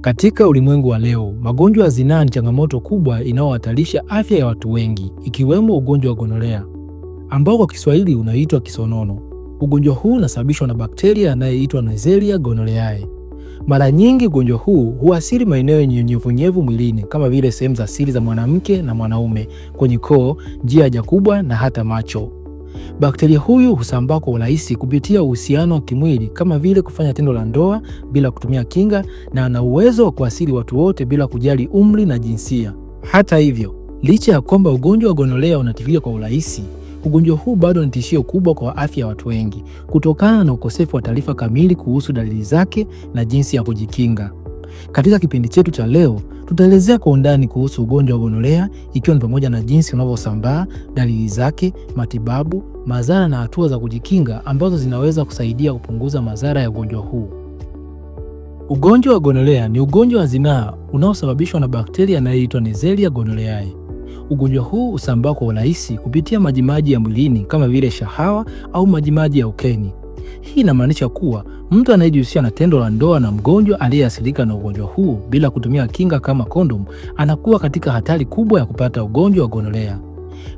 Katika ulimwengu wa leo, magonjwa ya zinaa ni changamoto kubwa inayohatarisha afya ya watu wengi, ikiwemo ugonjwa wa gonorea ambao kwa Kiswahili unaitwa kisonono. Ugonjwa huu unasababishwa na bakteria anayeitwa Neisseria gonorrhoeae. Mara nyingi ugonjwa huu huasiri maeneo yenye unyevunyevu mwilini kama vile sehemu za siri za mwanamke na mwanaume, kwenye koo, njia ya haja kubwa na hata macho. Bakteria huyu husambaa kwa urahisi kupitia uhusiano wa kimwili kama vile kufanya tendo la ndoa bila kutumia kinga, na ana uwezo wa kuasili watu wote bila kujali umri na jinsia. Hata hivyo, licha ya kwamba ugonjwa wa gonorea unatibika kwa urahisi, ugonjwa huu bado ni tishio kubwa kwa afya ya watu wengi kutokana na ukosefu wa taarifa kamili kuhusu dalili zake na jinsi ya kujikinga. Katika kipindi chetu cha leo tutaelezea kwa undani kuhusu ugonjwa wa gonorea ikiwa ni pamoja na jinsi unavyosambaa, dalili zake, matibabu madhara na hatua za kujikinga ambazo zinaweza kusaidia kupunguza madhara ya ugonjwa huu. Ugonjwa wa gonorea ni ugonjwa wa zinaa unaosababishwa na bakteria anayeitwa Neisseria gonorrhoeae. Ugonjwa huu husambaa kwa urahisi kupitia majimaji ya mwilini kama vile shahawa au majimaji ya ukeni. Hii inamaanisha kuwa mtu anayejihusisha na tendo la ndoa na mgonjwa aliyeathirika na ugonjwa huu bila kutumia kinga kama kondomu, anakuwa katika hatari kubwa ya kupata ugonjwa wa gonorea.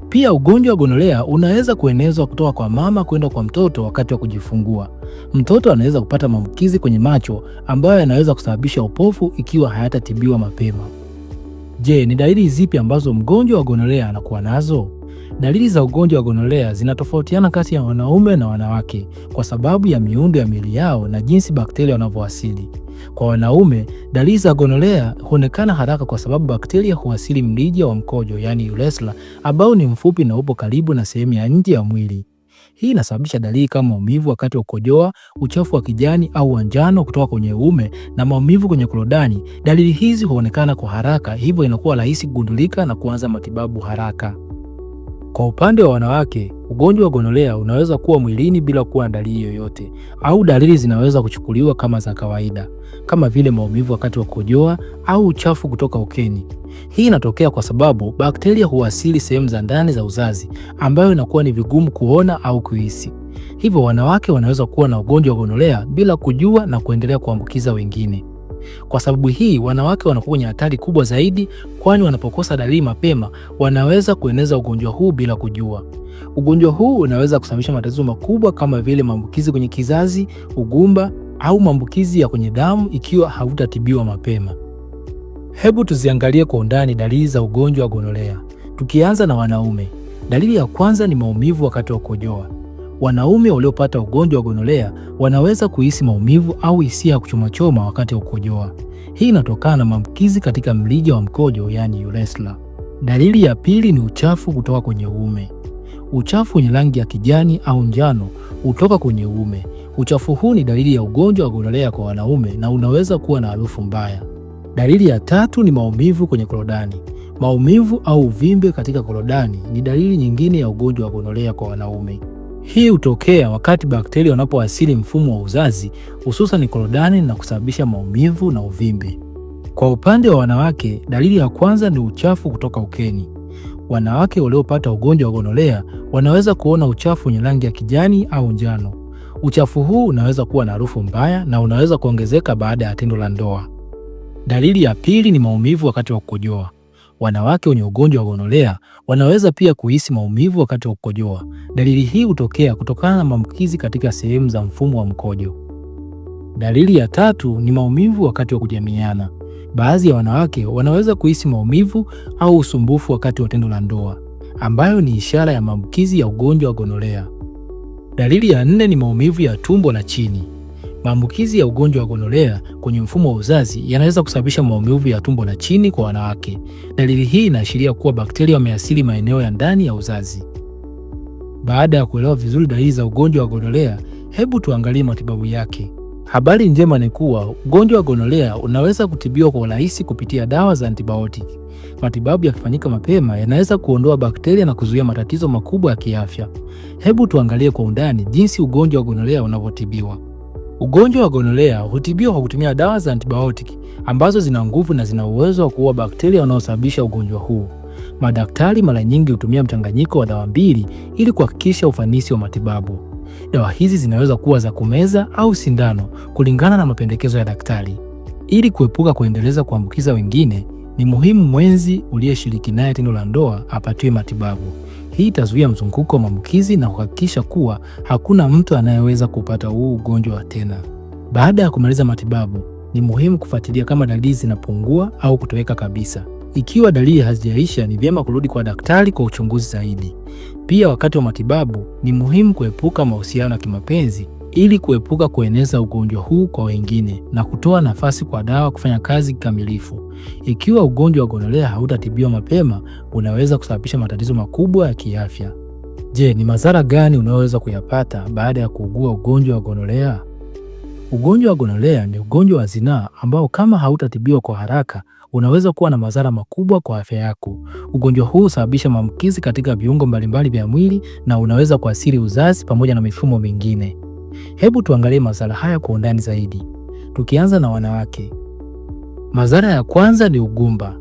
Pia ugonjwa wa gonorea unaweza kuenezwa kutoka kwa mama kwenda kwa mtoto wakati wa kujifungua. Mtoto anaweza kupata maambukizi kwenye macho ambayo yanaweza kusababisha upofu ikiwa hayatatibiwa mapema. Je, ni dalili zipi ambazo mgonjwa wa gonorea anakuwa nazo? Dalili za ugonjwa wa gonorea zinatofautiana kati ya wanaume na wanawake kwa sababu ya miundo ya miili yao na jinsi bakteria wanavyowasili. Kwa wanaume, dalili za gonorea huonekana haraka kwa sababu bakteria huwasili mrija wa mkojo, yaani urethra, ambao ni mfupi na upo karibu na sehemu ya nje ya mwili. Hii inasababisha dalili kama maumivu wakati wa kukojoa, uchafu wa kijani au wanjano kutoka kwenye uume na maumivu kwenye korodani. Dalili hizi huonekana kwa haraka, hivyo inakuwa rahisi kugundulika na kuanza matibabu haraka. Kwa upande wa wanawake, ugonjwa wa gonorea unaweza kuwa mwilini bila kuwa na dalili yoyote, au dalili zinaweza kuchukuliwa kama za kawaida, kama vile maumivu wakati wa kukojoa au uchafu kutoka ukeni. Hii inatokea kwa sababu bakteria huwasili sehemu za ndani za uzazi, ambayo inakuwa ni vigumu kuona au kuhisi. Hivyo wanawake wanaweza kuwa na ugonjwa wa gonorea bila kujua na kuendelea kuambukiza wengine. Kwa sababu hii, wanawake wanakuwa kwenye hatari kubwa zaidi, kwani wanapokosa dalili mapema wanaweza kueneza ugonjwa huu bila kujua. Ugonjwa huu unaweza kusababisha matatizo makubwa kama vile maambukizi kwenye kizazi, ugumba au maambukizi ya kwenye damu ikiwa hautatibiwa mapema. Hebu tuziangalie kwa undani dalili za ugonjwa wa gonorea, tukianza na wanaume. Dalili ya kwanza ni maumivu wakati wa kukojoa. Wanaume waliopata ugonjwa wa gonolea wanaweza kuhisi maumivu au hisia ya kuchomachoma wakati wa kukojoa. Hii inatokana na maambukizi katika mrija wa mkojo, yaani urethra. Dalili ya pili ni uchafu kutoka kwenye uume. Uchafu wenye rangi ya kijani au njano hutoka kwenye uume. Uchafu huu ni dalili ya ugonjwa wa gonolea kwa wanaume na unaweza kuwa na harufu mbaya. Dalili ya tatu ni maumivu kwenye korodani. Maumivu au uvimbe katika korodani ni dalili nyingine ya ugonjwa wa gonolea kwa wanaume. Hii hutokea wakati bakteria wanapowasili mfumo wa uzazi, hususan korodani na kusababisha maumivu na uvimbe. Kwa upande wa wanawake, dalili ya kwanza ni uchafu kutoka ukeni. Wanawake waliopata ugonjwa wa gonolea wanaweza kuona uchafu wenye rangi ya kijani au njano. Uchafu huu unaweza kuwa na harufu mbaya na unaweza kuongezeka baada ya tendo la ndoa. Dalili ya pili ni maumivu wakati wa kukojoa. Wanawake wenye ugonjwa wa gonolea wanaweza pia kuhisi maumivu wakati wa kukojoa. Dalili hii hutokea kutokana na maambukizi katika sehemu za mfumo wa mkojo. Dalili ya tatu ni maumivu wakati wa kujamiana. Baadhi ya wanawake wanaweza kuhisi maumivu au usumbufu wakati wa tendo la ndoa, ambayo ni ishara ya maambukizi ya ugonjwa wa gonolea. Dalili ya nne ni maumivu ya tumbo la chini. Maambukizi ya ugonjwa wa gonorea kwenye mfumo wa uzazi yanaweza kusababisha maumivu ya tumbo la chini kwa wanawake. Dalili hii inaashiria kuwa bakteria wameasili maeneo ya ndani ya uzazi. Baada ya kuelewa vizuri dalili za ugonjwa wa gonorea, hebu tuangalie matibabu yake. Habari njema ni kuwa ugonjwa wa gonorea unaweza kutibiwa kwa urahisi kupitia dawa za antibiotic. Matibabu yakifanyika mapema yanaweza kuondoa bakteria na kuzuia matatizo makubwa ya kiafya. Hebu tuangalie kwa undani jinsi ugonjwa wa gonorea unavyotibiwa. Ugonjwa wa gonolea hutibiwa kwa kutumia dawa za antibiotiki ambazo zina nguvu na zina uwezo wa kuua bakteria wanaosababisha ugonjwa huu. Madaktari mara nyingi hutumia mchanganyiko wa dawa mbili ili kuhakikisha ufanisi wa matibabu. Dawa hizi zinaweza kuwa za kumeza au sindano kulingana na mapendekezo ya daktari. Ili kuepuka kuendeleza kuambukiza wengine, ni muhimu mwenzi uliyeshiriki naye tendo la ndoa apatiwe matibabu. Hii itazuia mzunguko wa maambukizi na kuhakikisha kuwa hakuna mtu anayeweza kupata huu ugonjwa tena. Baada ya kumaliza matibabu, ni muhimu kufuatilia kama dalili zinapungua au kutoweka kabisa. Ikiwa dalili hazijaisha, ni vyema kurudi kwa daktari kwa uchunguzi zaidi. Pia wakati wa matibabu, ni muhimu kuepuka mahusiano ya kimapenzi ili kuepuka kueneza ugonjwa huu kwa wengine na kutoa nafasi kwa dawa kufanya kazi kikamilifu. Ikiwa ugonjwa wa gonorea hautatibiwa mapema, unaweza kusababisha matatizo makubwa ya kiafya. Je, ni madhara gani unaoweza kuyapata baada ya kuugua ugonjwa wa gonorea? Ugonjwa wa gonorea ni ugonjwa wa zinaa ambao kama hautatibiwa kwa haraka unaweza kuwa na madhara makubwa kwa afya yako. Ugonjwa huu husababisha maambukizi katika viungo mbalimbali vya mwili na unaweza kuathiri uzazi pamoja na mifumo mingine. Hebu tuangalie madhara haya kwa undani zaidi, tukianza na wanawake. Madhara ya kwanza ni ugumba.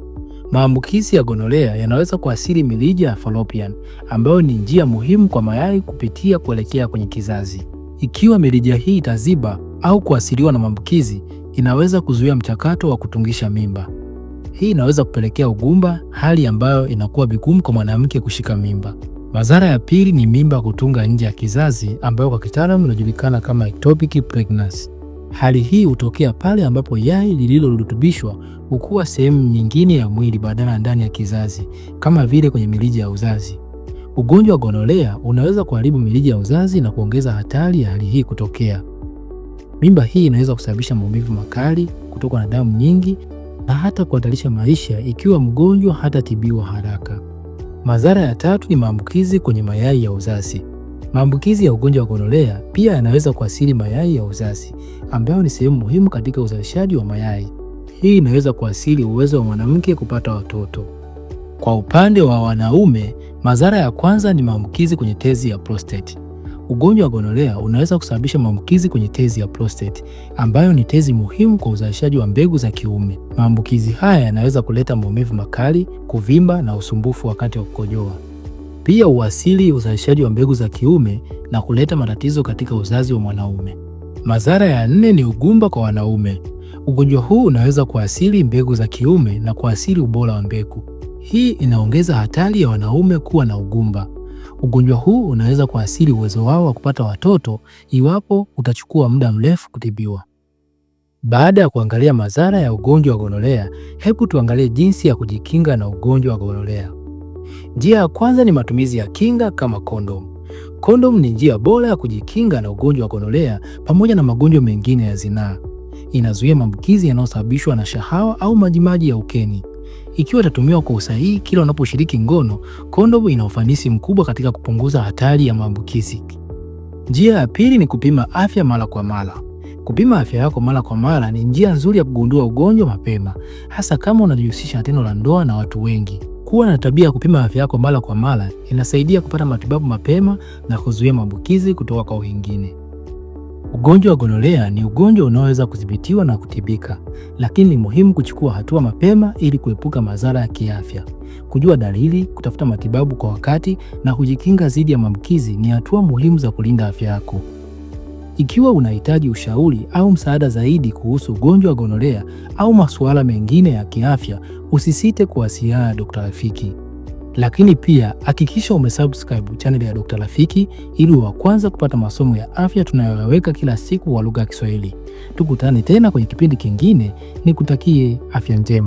Maambukizi ya gonorea yanaweza kuathiri mirija ya fallopian ambayo ni njia muhimu kwa mayai kupitia kuelekea kwenye kizazi. Ikiwa mirija hii itaziba au kuathiriwa na maambukizi, inaweza kuzuia mchakato wa kutungisha mimba. Hii inaweza kupelekea ugumba, hali ambayo inakuwa vigumu kwa mwanamke kushika mimba. Madhara ya pili ni mimba kutunga nje ya kizazi ambayo kwa kitaalamu inajulikana kama ectopic pregnancy. Hali hii hutokea pale ambapo yai lililorutubishwa hukua sehemu nyingine ya mwili badala ya ndani ya kizazi, kama vile kwenye mirija ya uzazi. Ugonjwa wa gonorea unaweza kuharibu mirija ya uzazi na kuongeza hatari ya hali hii kutokea. Mimba hii inaweza kusababisha maumivu makali, kutokwa na damu nyingi na hata kuhatarisha maisha ikiwa mgonjwa hatatibiwa haraka. Madhara ya tatu ni maambukizi kwenye mayai ya uzazi. Maambukizi ya ugonjwa wa gonolea pia yanaweza kuathiri mayai ya uzazi ambayo ni sehemu muhimu katika uzalishaji wa mayai. Hii inaweza kuathiri uwezo wa mwanamke kupata watoto. Kwa upande wa wanaume, madhara ya kwanza ni maambukizi kwenye tezi ya prostate. Ugonjwa wa gonorea unaweza kusababisha maambukizi kwenye tezi ya prostate, ambayo ni tezi muhimu kwa uzalishaji wa mbegu za kiume. Maambukizi haya yanaweza kuleta maumivu makali, kuvimba na usumbufu wakati wa kukojoa. Pia huathiri uzalishaji wa mbegu za kiume na kuleta matatizo katika uzazi wa mwanaume. Madhara ya nne ni ugumba kwa wanaume. Ugonjwa huu unaweza kuathiri mbegu za kiume na kuathiri ubora wa mbegu. Hii inaongeza hatari ya wanaume kuwa na ugumba. Ugonjwa huu unaweza kuathiri uwezo wao wa kupata watoto iwapo utachukua muda mrefu kutibiwa. Baada ya kuangalia madhara ya ugonjwa wa gonorea, hebu tuangalie jinsi ya kujikinga na ugonjwa wa gonorea. Njia ya kwanza ni matumizi ya kinga kama kondomu. Kondomu ni njia bora ya kujikinga na ugonjwa wa gonorea pamoja na magonjwa mengine ya zinaa. Inazuia maambukizi yanayosababishwa na shahawa au majimaji ya ukeni ikiwa itatumiwa kwa usahihi kila unaposhiriki ngono, kondomu ina ufanisi mkubwa katika kupunguza hatari ya maambukizi. Njia ya pili ni kupima afya mara kwa mara. Kupima afya yako mara kwa mara ni njia nzuri ya kugundua ugonjwa mapema, hasa kama unajihusisha na tendo la ndoa na watu wengi. Kuwa na tabia ya kupima afya yako mara kwa mara inasaidia kupata matibabu mapema na kuzuia maambukizi kutoka kwa wengine. Ugonjwa wa gonorea ni ugonjwa unaoweza kudhibitiwa na kutibika, lakini ni muhimu kuchukua hatua mapema ili kuepuka madhara ya kiafya. Kujua dalili, kutafuta matibabu kwa wakati na kujikinga dhidi ya maambukizi ni hatua muhimu za kulinda afya yako. Ikiwa unahitaji ushauri au msaada zaidi kuhusu ugonjwa wa gonorea au masuala mengine ya kiafya, usisite kuwasiliana na Dr. Rafiki lakini pia hakikisha umesubscribe channel ya Dr. Rafiki ili wa kwanza kupata masomo ya afya tunayoyaweka kila siku kwa lugha ya Kiswahili. Tukutane tena kwenye kipindi kingine, nikutakie afya njema.